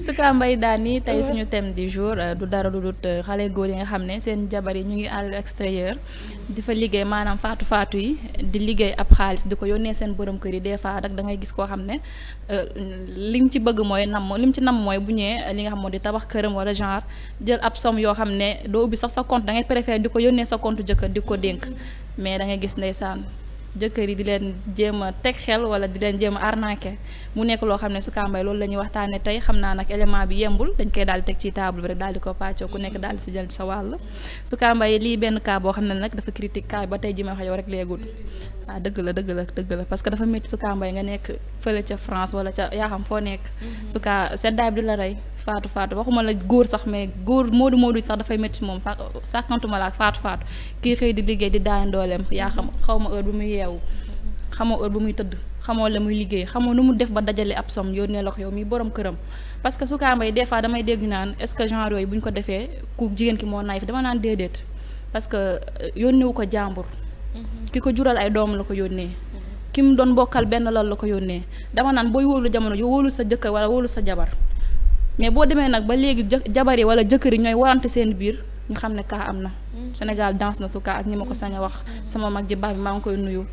Souka yi daan ni tey suñu thème du jour euh, du dara du dut euh, xale góor yi nga xam ne seen jabar yi ñu ngi à l'extérieur di fa liggéey maanaam faatu faatu yi di liggéey ab xaalis di ko yónnee seen borom kër yi des fois nag da ngay gis koo xam ne euh, li mu ci bëgg mooy nam li mu ci nam mooy bu ñëwee li nga xam moo di tabax këram wala genre jël ab somme yoo xam ne doo ubbi sax sa compte da ngay préféré di ko yónnee sa compte jëkkër di ko dénk mais da ngay gis ndeysaan jëkkër yi di leen jéem a teg xel wala di leen jéem a arnaqué mu nekk loo xam ne su Kambay loolu la ñuy waxtaanee tey xam naa nag élément bi yembul dañ koy daal di teg ci table bi rek daal di ko pàccoo ku nekk daal di si jël sa wàll su yi lii benn cas boo xam ne nag dafa critique cas ba tey ji ma wax yow rek léegul ah dëgg la dëgg la dëgg la parce que dafa métti su kaa mbay nga nekk fële ca France wala ca yaa foo nekk. Mhm. su kaa seddaay bi du la rey faatu faatu waxuma la góor sax mais góor moo moodu sax dafay metti moom fa sàkkantuma la ak faatu faatu kii xëy di liggéey di daan dooleem yaa xam xaw ma heure bu muy yeewu xamoo heure bu muy tëdd. xamoo la muy liggéey xamoo nu mu def ba dajale ab som yónnee la ko yow mi borom këram parce que su kaa mbay des fois damay dégg naan est ce que genre yooyu bu ñu ko defee ki moo naay dama naan déedéet parce que euh, yónnewu ko jàmbur ki ko jural ay doom la ko yónnee ki mu doon bokkal benn lal la ko yónnee dama naan booy wóolu jamono ji wóolu sa jëkkër wala wóolu sa jabar mais boo demee nag ba léegi jabar yi wala jëkkër yi ñooy warante seen biir ñu xam ne kaa am na mm. Sénégal danse na su kaa ak ñi ma ko sañ a wax mm. sama mag ji baax bi maa ngi koy nuyu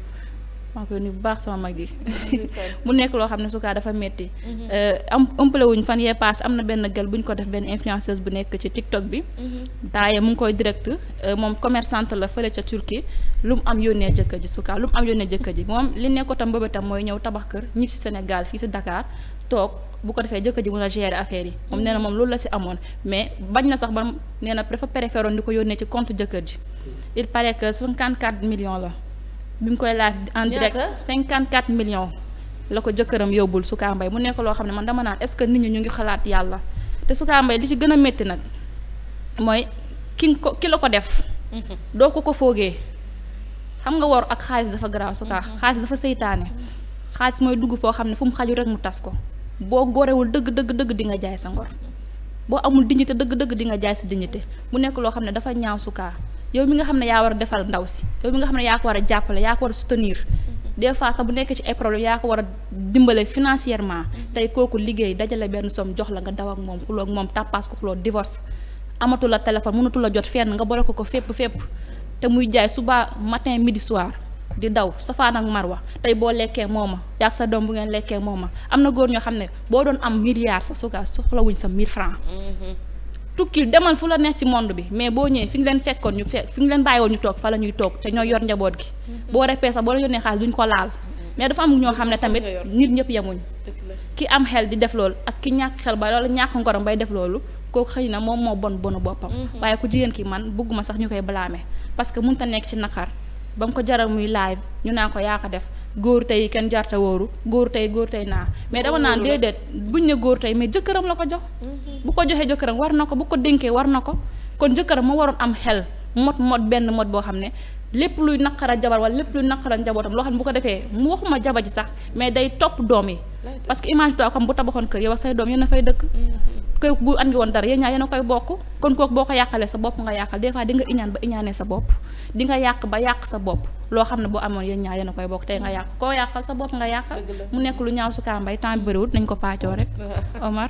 maa ngi koy nuyu bu baax sama mag ji mu nekk loo xam ne su dafa metti mhm. euh, am wuñ fan yee paas am na benn gël buñ ko def benn influenceuse bu nekk ci TikTok bi mhm. taaye mu ngi koy direct euh, moom commerçante la fële ca Turquie lu mu am yónnee jëkkër ji su kaa lu mu am yónnee jëkkër ji moom li nekk ko tam boobu tam mooy ñëw tabax kër ñib si Sénégal fii si Dakar toog bu ko defee jëkkër ji mën a gérer affaire yi moom nee na moom loolu la si amoon mais bañ na sax ba nee na dafa préféroon di ko yónnee ci compte jëkkër ji mhm. il paraît que 54 la bi mu koy laaj en direct 54 million la ko jëkkëram yóbbul Souka Mbaye mu nekk loo xam ne man dama naan est-ce que nit ñi ñu ngi xalaat yàlla te Souka Mbaye li ci gën a metti nag mooy ki ko ki la ko def mm-hmm. doo ko ko foogee xam nga wor ak xaalis dafa garaaw sukaa mm-hmm. xaalis dafa seytaane mm-hmm. xaalis mooy dugg foo xam ne fu mu xaju rek mu tas ko boo gorewul dëgg dëgg dëgg di nga jaay sa ngor boo amul dignité dëgg dëgg di nga jaay sa dignité mu nekk loo xam ne dafa ñaaw Souka yow mi nga xam ne yaa war a defal ndaw si yow mi nga ne yaa ko war a jàppale yaa ko war a soutenir mm-hmm. des fois sax bu nekkee ci ay problème yaa ko war a dimbale financièrement mm-hmm. tey kooku liggéey dajale benn somme jox la nga daw ak moom xuloo moom tàppaas ko xuloo divorce amatul la téléphone mënatul la jot fenn nga boole ko ko fépp fépp te muy jaay suba matin midi soir di daw safaan ak marwa tey boo lekkee mooma yaag sa doom bu ngeen lekkee mooma am na góor ñoo xam ne boo doon am milliard sa suka soxlawuñ sa mille tukkil demal fu la neex ci monde bi mais boo ñëwee fi ñu leen fekkoon ñu fekk fi ñu leen bàyyi woon ñu toog fa la ñuy toog te ñoo yor njaboot gi mm-hmm. boo repee sax boo la yónnee xaalis duñ ko laal mm-hmm. mais dafa ñoo xam ne tamit nit ñëpp yemuñ ki am xel di def loolu ak ki ñàkk xel ba loolu ñàkk ngorom bay def loolu kooku xëy na moom moo bon bonu boppam mm-hmm. waaye ku jigéen ki man bëgguma sax ñu koy blâmer parce que mënut a nekk ci naqar ba ko jaral muy laay ñu naa ko yaa ko def góor tey kenn jarta wóoru góor tey góor tey naa mais dama naan déedéet buñ ne góor tey mais jëkkëram la ko jox mhm. bu ko joxee jëkkëram war na ko bu ko dénkee war na ko kon jëkkëram moo waroon am xel mot mot benn mot boo xam ne lépp luy naqara jabar wala lépp luy naqara njabootam loo xam ne bu ko defee mu waxuma jabar ji sax mais day topp doom yi parce que image toi comme bu tabaxoon kër yow ak say doom yéen fay dëkk mhm. kooku bu andi woon dara yéen ñaar yéen a koy bokk kon kooku boo ko yàqalee sa bopp nga yàqal des fois iñaan ba iñaanee sa bopp di yàq ba yàq sa bopp loo xam ne boo amoon yéen ñaar yéen a koy bokk tey nga yàq koo yàqal sa bopp nga yàqal mu nekk lu ñaaw su kaambay temps bi bëriwul nañ ko paacoo rek Omar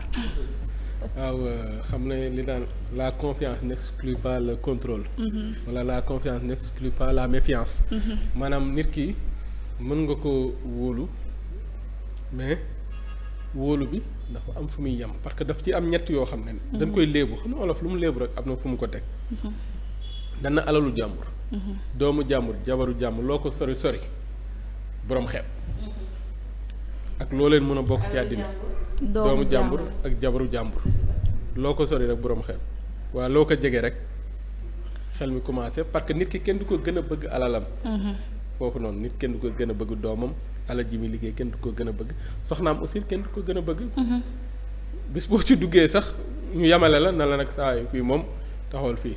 waaw euh, xam ne li daan la confiance n'exclut pas le contrôle mhm. wala la confiance n'exclut pas la méfiance mhm. maanaam nit ki nga ko wóolu mais wóolu bi dafa am fu muy yem parce que daf ci am ñett yoo xam ne. dañ koy léebu xam nga olof lu mu léebu rek am na fu mu ko teg. dana alalu jàmbur. doomu jàmbur jabaru jàmbur loo ko sori sori borom xeeb. ak loo leen mën a bokk jàmbur ak jabaru jàmbur loo ko sori rek borom xeeb waaw loo ko jege rek xel mi commencé parce que nit ki kenn du ko gën a bëgg alalam. Mm-hmm. foofu noonu nit kenn du ko gën a bëgg doomam. alal ji muy liggéey kenn du ko gën a bëgg soxnaam aussi kenn du ko gën a bëgg. Mhm. bis boo ci duggee sax ñu yamale la na la nag saa fii moom taxawal fii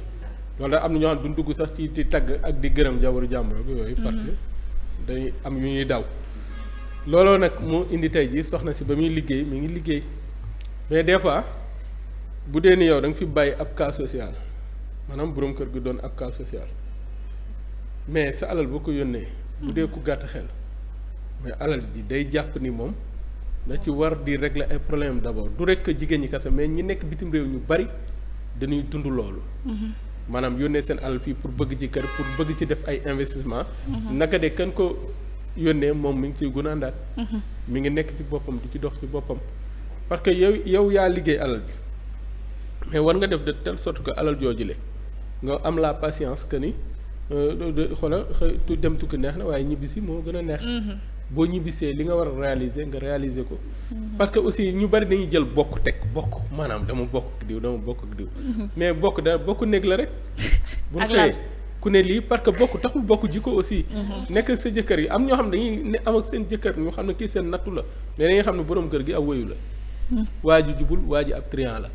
loolu daal am na ñoo xam sax ci ci tagg ak di gërëm jabaru jàmbur yooyu. Mhm. parce que dañuy am yu ñuy daw. looloo nag mu indi tey jii soxna si ba muy liggéey mi ngi liggéey mais des fois bu dee ni yow da fi bàyyi ab cas social maanaam borom kër gi doon ab cas social mais sa alal boo ko yónnee. bu dee mhm. ku gàtt xel. mais alal ji day jàpp ni moom na ci war di régler ay problème d' abord du rek jigéen ñi kese mais ñi nekk bitim réew ñu bari dañuy dund loolu. Mm-hmm. maanaam yónnee seen alal fii pour bëgg ci kër pour bëgg ci def ay investissement. Mm-hmm. naka de kan ko yónnee moom mi ngi ciy gunaandaat. Mm-hmm. mi ngi nekk ci boppam di ci dox ci boppam. parce que yow yow yaa liggéey alal bi mais war nga def de telle sorte que alal joojule nga am la patience que ni euh, xoola xëy dem tukki neex na waaye ñibbisi moo gën a neex. boo ñibbisee li nga war a réaliser nga réaliser ko. Mhm. parce que aussi ñu bari dañuy jël bokk teg bokk maanaam dama bokk diw dama bokk ak diw. Mhm. mais bokk da bokk néeg la rek. bu ñu ku ne lii parce que bokk taxul bokk jikko aussi. Mhm. nekk sa jëkkër yi am ñoo xam dañuy ne am ak seen jëkkër ñu xam ne kii seen nattu la mais dañuy xam ne borom kër gi ab woyu la. waa ji jubul waa ji ab triant la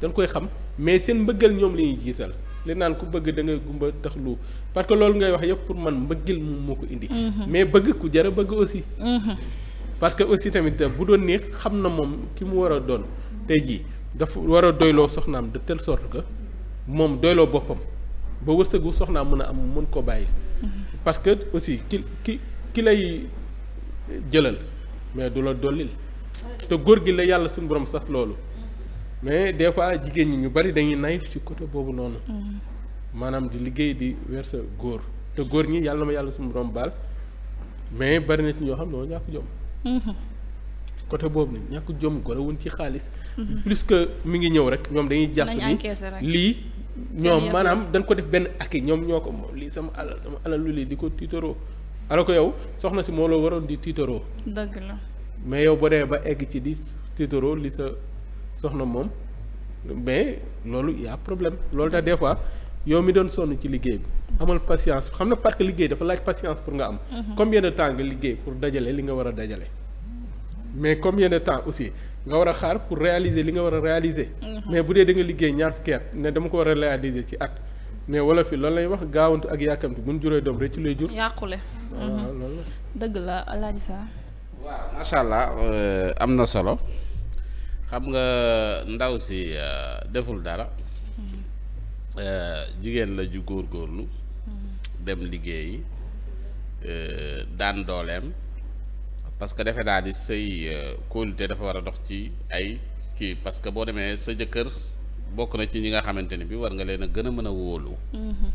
dañ koy xam mais seen mbëggal ñoom la ñuy jiital. li naan ku bëgg dangay gumba tax lu parce que loolu ngay wax yëpp pour man mbëggil moom moo ko indi. Mhm. mais bëgg ku jar bëgg aussi. Mhm. parce que aussi tamit bu doon neex xam na moom ki mu war a doon tey jii dafa war a doyloo soxnaam de telle sorte que moom doyloo boppam ba wërsëgu soxnaam mën a am mën koo bàyyi. Mhm. parce que aussi ki ki ki lay jëlal mais du la dollil te góor gi la yàlla suñu borom sax loolu. mais des fois jigéen ñi ñu bari dañuy nay ci côté boobu noonu. Mm. maanaam di liggéey di weer sa góor te góor ñi yàlla ma yàlla suma borom baal mais bari na ci ñoo xam ne ñàkk jom. Mm-hmm. côté boobu nag ñàkk jom gore wuñ ci xaalis. Mm-hmm. plus que mi ngi ñëw rek ñoom dañuy jàpp ni lii. ñoom maanaam dañ ko def benn ak yi ñoom ñoo ko moom lii sama alal sama alal lu lii di ko tiitaroo alors que yow soxna si moo la waroon di tiitaroo. dëgg la mais yow boo demee ba egg ci di tiitaroo li sa. soxna moom mais loolu y' problème loolu tax des fois yow mi doon sonn ci liggéey bi amal patience xam na parce que liggéey dafa laaj patience pour nga am. Mhm. combien de temps nga liggéey pour dajale li nga war a dajale. mais comme de temps aussi nga war a xaar pour réaliser li nga war a réaliser. Mhm. mais bu dee da nga liggéey ñaar fukki at ne dama ko war a réaliser ci at. mais wala fi loolu lay wax gaawantu ak yàkkamti bu ñu juree doom rek ci lay jur. yàqule. Mhm. dëgg la Sa. waaw macha allah euh, am na solo. xam nga ndaw si euh, deful dara mm-hmm. euh, jigéen la ju góor góorlu mm-hmm. dem liggéeyi euh, daan dooleem parce que defe naa ni sëy kóolute dafa war a dox ci ay kii parce que boo demee sa jëkkër bokk na ci ñi nga xamante ni bi war nga leen a gën a mën a wóolu mm-hmm.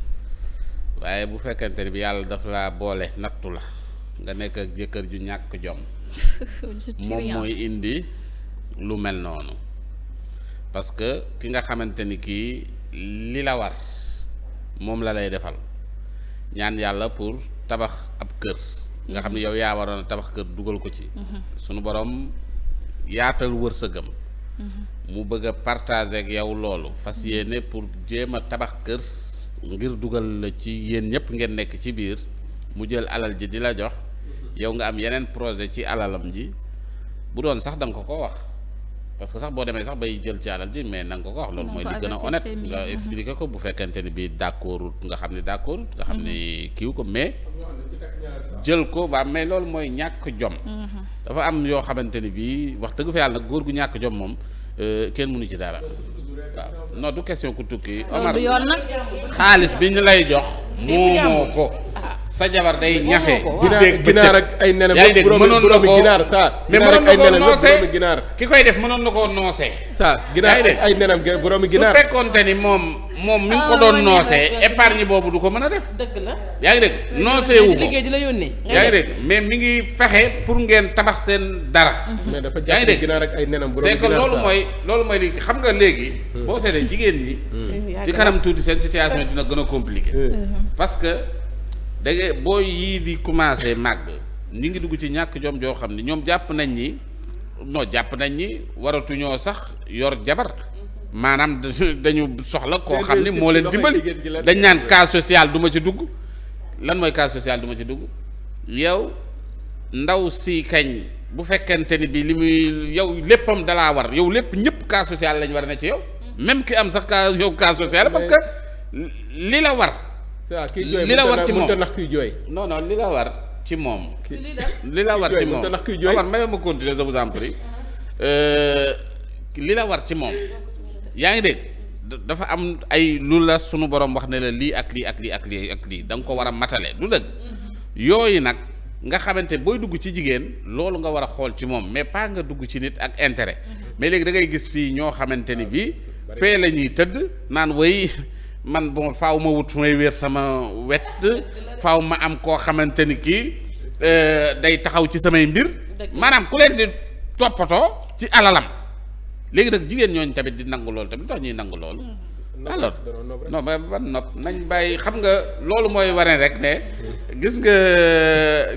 waaye bu fekkente ni bi yàlla dafa laa boole nattu la nga nekk ak jëkkër ju ñàkk jom moom mooy indi lu mel noonu parce que ki nga xamante ni kii li la war moom la lay defal ñaan yàlla pour tabax ab kër nga xam ne yow yaa waroon a tabax kër dugal ko ci mhm. sunu borom yaatal wërsëgam mhm. mu bëgg a partager ak yow loolu fas mhm. yéene pour jéem a tabax kër ngir dugal la ci yéen ñëpp ngeen nekk ci biir mu jël alal ji di la jox yow nga am yeneen projet ci alalam ji bu doon sax danga ko ko wax parce que sax boo demee sax bay jël ci àllal ji mais na nga ko ko wax loolu mooy li gën a honnête nga mhm. expliquer ko bu fekkente ni bii d'accord nga xam ne d'accord nga xam ne mhm. kiw ko mais jël ko waa mais loolu mooy ñàkk jom mhm. dafa am yoo xamante ni bii wax dëgg fa yàlla nag góor gu ñàkk jom moom euh, kenn mënu ci dara waaw non du question ku tukki Omar xaalis bi ñu lay jox moomoo ko sa jabar day ñaxe guddeeg ginaar ak ay nenam yaa ngi dégg mënoon na ko ginaar saa mais mënoon na ko noosee ginaar ki koy def mënoon na koo noosee saa ginaar ay nenam boroomi ginaar su fekkoonte ni moom moom mi ngi ko ah, doon noosee épargne boobu du ko mën a def dëgg la yaa ngi dégg noosee wu ko di la yónnee yaa ngi dégg mais mi ngi fexe pour ngeen tabax seen dara mm-hmm. yaa ngi dégg ginaar ak ay nenam c'est que loolu mooy loolu mooy li xam nga léegi mm. boo seetee jigéen ñi mm. ci kanam tuuti seen situation dina gën a compliqué mm. mm-hmm. parce da ngay booy yii di commencé màgg ñu ngi dugg ci ñàkk joom joo xam ni ñoom jàpp nañ ni non jàpp nañ ni waratuñoo sax yor jabar maanaam dañu soxla koo xam ni moo leen dimbali dañ naan cas social duma ci dugg lan mooy cas social duma ci dugg yow ndaw si kañ bu fekkente ni bi li muy yow léppam dalaa war yow lépp ñëpp cas social lañ war a ne ci yow même ki am sax cas yow cas social parce que li la war li la war ci moom non non li la war ci moom. li la war ci moom Omar may ma continuer je vous en prie euh, li la war ci moom yaa ngi dégg dafa am ay lu la sunu borom wax ne la lii ak lii ak lii ak lii ak lii da nga ko war a matale du dëgg mm-hmm. yooyu nag nga xamante booy dugg ci jigéen loolu nga war a xool ci moom mais paa nga dugg ci nit ak intérêt mm-hmm. mais léegi da ngay gis fii ñoo xamante ni bii fee la ñuy tëdd naan way man bon faaw ma wut fu may wéer sama wet faaw ma am koo xamante ni kii euh, day taxaw ci samay mbir maanaam ku leen di toppatoo ci alalam léegi nag jigéen ñooñu tamit di nangu loolu tamit tax ñuy nangu loolu hmm. alors ba ban nopp nañ bàyyi xam nga loolu mooy waree rek ne gis nga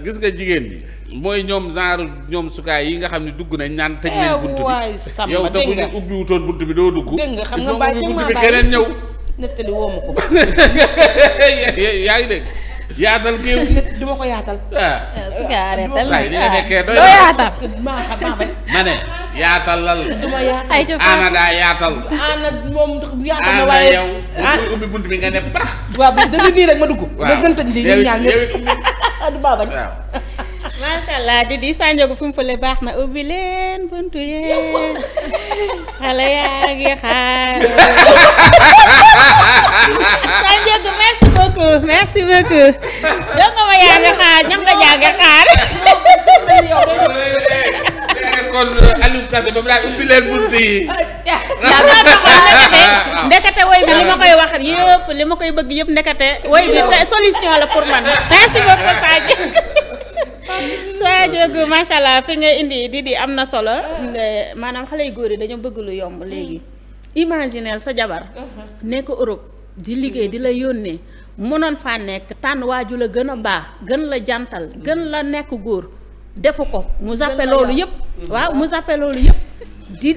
gis nga jigéen ñi mooy ñoom genre ñoom sukaay yi nga xam ne dugg nañ naan tëj nañ eh bi yow te bu ubbi wutoon bunt bi doo dugg il xam nga ubbi bunt bi keneen ñëw nettali woo ma ko. yaa ngi dégg. yaatal géew. du ma ko yaatal. ah, ah, ah. su ko arrêté la ah. doo yaatal. maa xam maa bañ. du ma yaatal ay ca Ana daa yaatal. Ana moom yaatal na waaye. yow bu ubbi bunt bi nga ne parax. waaw bu dee nii rek ma dugg. waaw ma gën tëj lii du maa bañ. macha allah di di Sa Ndiogou fu mu baax na ubbi leen buntu yee xale yaa ngi xaar Sa Ndiogou merci beaucoup merci beaucoup jongo ma yaa ngi xaar ñam nga yaa ngi xaar. kon yi. ndekete li ma koy wax yëpp li ma koy bëgg yëpp ndekete woy bi solution la pour man merci beaucoup Sa Ndiogou soo jógu macha allah fi nga indi di di am na solo maanaam xale yu góor yi dañoo bëgg lu yomb léegi imagineel sa jabar nekk Europe di liggéey di la yónnee mënoon fa nekk tànn waaju la gën a baax gën la jantal gën la nekk góor defu ko mu zappe loolu yëpp mm-hmm. waaw mu zappe loolu yëpp di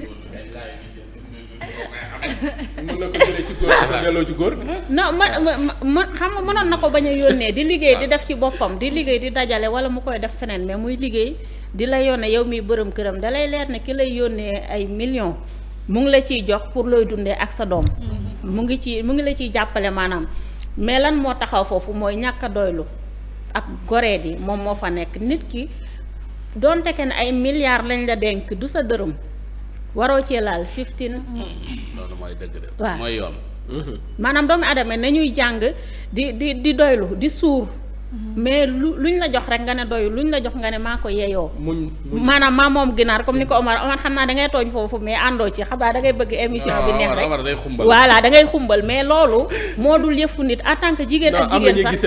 mën na ko jëlee ci góor dafa delloo ma ma xam nga mënoon na ko bañ a yónnee di liggéey di def ci boppam di liggéey di dajale wala mu koy def feneen mais muy liggéey di la yónnee yow miy bërëm këram da lay leer ne ki lay yónnee ay millions mu ngi la ciy jox pour looy dundee ak sa doom. Mm-hmm. mu ngi ci mu ngi la ciy jàppale maanaam mais lan moo taxaw foofu mooy ñàkk a doylu ak goreed yi moom moo fa nekk nit ki donte kenn ay milliards lañ la denk du sa dërëm. waroo cee laal fifteen. loolu mooy dëgg de. waaw mooy yoon. Mhm. maanaam doomu aadama nañuy jàng di di di doylu di suur. Mhm. mais lu luñ la jox rek nga ne lu luñ la jox nga ne maa ko yeyoo. muñ maanaam maa moom ginaar comme ni ko Omar Omar xam naa da ngay tooñ foofu mais àndoo ci xabaar da ngay bëgg émission bi neex rek voilà da ngay xumbal mais loolu moo dul yëfu nit en tant que jigéen ak jigéen sax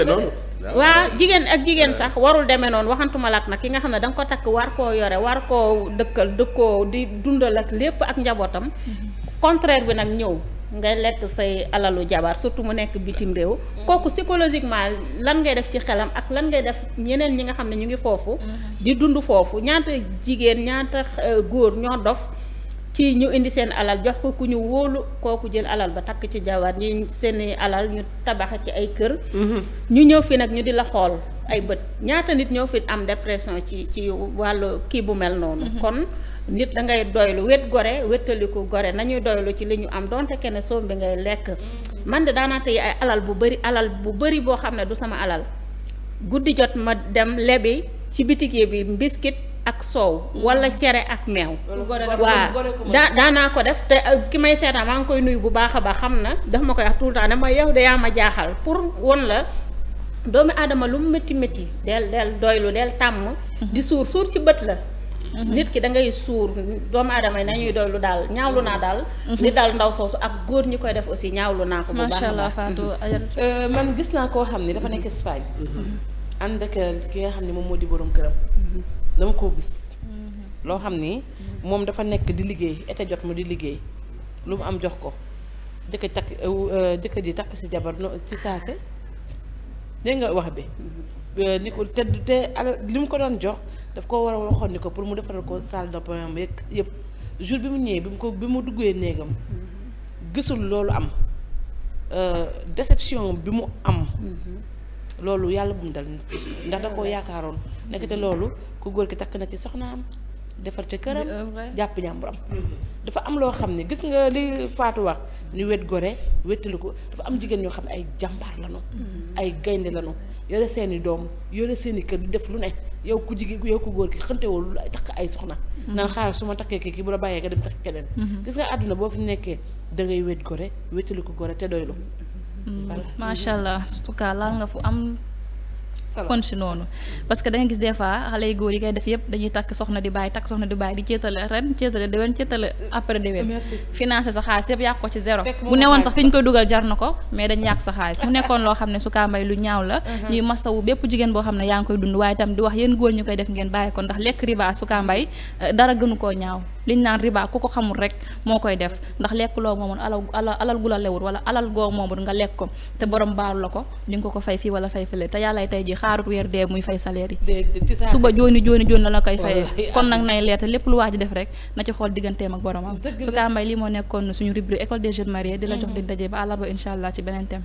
waaw jigéen ak jigéen sax warul demee noonu waxantuma laat nag ki nga xam ne danga ko takk war koo yore war koo dëkkal dëkkoo di dundal ak lépp ak njabootam mhm. contraire bi nag ñëw ngay lekk say alalu jabar surtout mu nekk bitim réew mhm. kooku psychologiquement lan ngay def ci xelam ak lan ngay def ñeneen ñi nga xam ne ñu ngi foofu mhm. di dund foofu ñaata jigéen ñaata euh, góor ñoo dof ci ñu indi seen alal jox ko ku ñu wóolu kooku jël alal ba takk ci jawaat ñi seeni alal ñu tabaxa ci ay kër mm-hmm. ñu ñëw fi nag ñu di la xool ay bët ñaata nit ñoo fi am depression ci ci wàllu kii bu mel noonu mm-hmm. kon nit da ngay doylu wet gore wéttaliku gore nañuy doylu ci li ñu am donte kenn soom bi ngay lekk mm-hmm. man de daanaate yi ay alal bu bëri alal bu bëri boo xam ne du sama alal guddi jot ma dem lebi ci bitig bi mbiskit ak soow wala cere ak meew waa daa daanaa ko def te euh, ki may seetaan maa ngi koy nuyu bu baax a baax xam na dafa ma koy wax tout le temps dama yow de ma jaaxal pour won la doomu aadama lu mu métti métti del del doylu del tàmm di suur suur ci bët la mhm. nit ki da ngay suur doomu aadama yi nañuy doylu daal ñaawlu naa daal li mhm. daal ndaw soosu ak góor ñi koy def aussi ñaawlu naa ko bu baax a baax mhm. euh, gis naa koo xam ne dafa nekk Espagne ànd ak ki nga xam ne moom moo di borom këram dama koo gis. Mm-hmm. loo xam ni moom dafa nekk di liggéey été jot mu di liggéey lu mu am jox ko jëkkër takk euh, euh, jëkkër ji takk si jabar no ci saase dégg nga wax bi. Mm-hmm. Euh, ni ko te te li mu ko doon jox daf ko war a waxoon ni ko pour mu defaral ko salle de bain am yëpp jour bi mu ñëwee bi mu ko bi mu duggee néegam mm-hmm. gisul loolu am déception bi mu am. loolu yàlla bu mu dal nit ndax da koo yaakaaroon nekkate loolu ku góor ki takk na ci soxnaam defar ca këram jàpp ñàmburam dafa am loo xam ne gis nga li Fatou wax ñu wet gore wettali ko dafa am jigéen ñoo xam ne ay jàmbaar lañu mm-hmm. ay gaynde lañu yore seen i doom yore seen i kër def lu ne yow ku jigéen yow ku góor ki xëntewul lu takk ay soxna mm-hmm. nan xaaral su ma takkee kii ki bu la bàyyee nga dem takk keneen mm-hmm. gis nga àdduna boo fi nekkee da ngay wet gore wettali ko gore te doylu voilà mm, macha allah en tout cas laal nga fu am. kon si noonu parce que da nga gis des fois xale yu góor yi koy def yëpp dañuy takk soxna di bàyyi takk soxna di bàyyi di céetale ren ceetale déwén ceetale après déwén financé sa xaalis yëpp yàq ko ci zéro bu woon sax fi ñu koy dugal jar na ko mais dañu yàq sa xaalis mu nekkoon loo xam ne su kaa mbay lu ñaaw la uh-huh. ñuy masawu bépp jigéen boo xam ne yaa ngi koy dund waaye tam di wax yéen góor ñu koy def ngeen bàyyi ko ndax lekk riba su kaa mbay eh, dara gënu koo ñaaw liñ naan riba ku ko xamul rek moo koy def ndax lekk loo moomoon alal alal gu la lewul wala alal goo moomul nga lekk ko te borom baalu la ko di nga ko ko fay fii wala fay fële te yàlla tey ji xaarut weer dee muy fay salaire yi suba jooni jooni jooni la la koy fayee kon nag nay leer te lépp lu waa ji def rek na ci xool digganteem ak boromam su kaa mbay li moo nekkoon suñu rubrique école des jeunes mariés di la mm-hmm. jox di daje ba àllarba incha allah ci beneen thème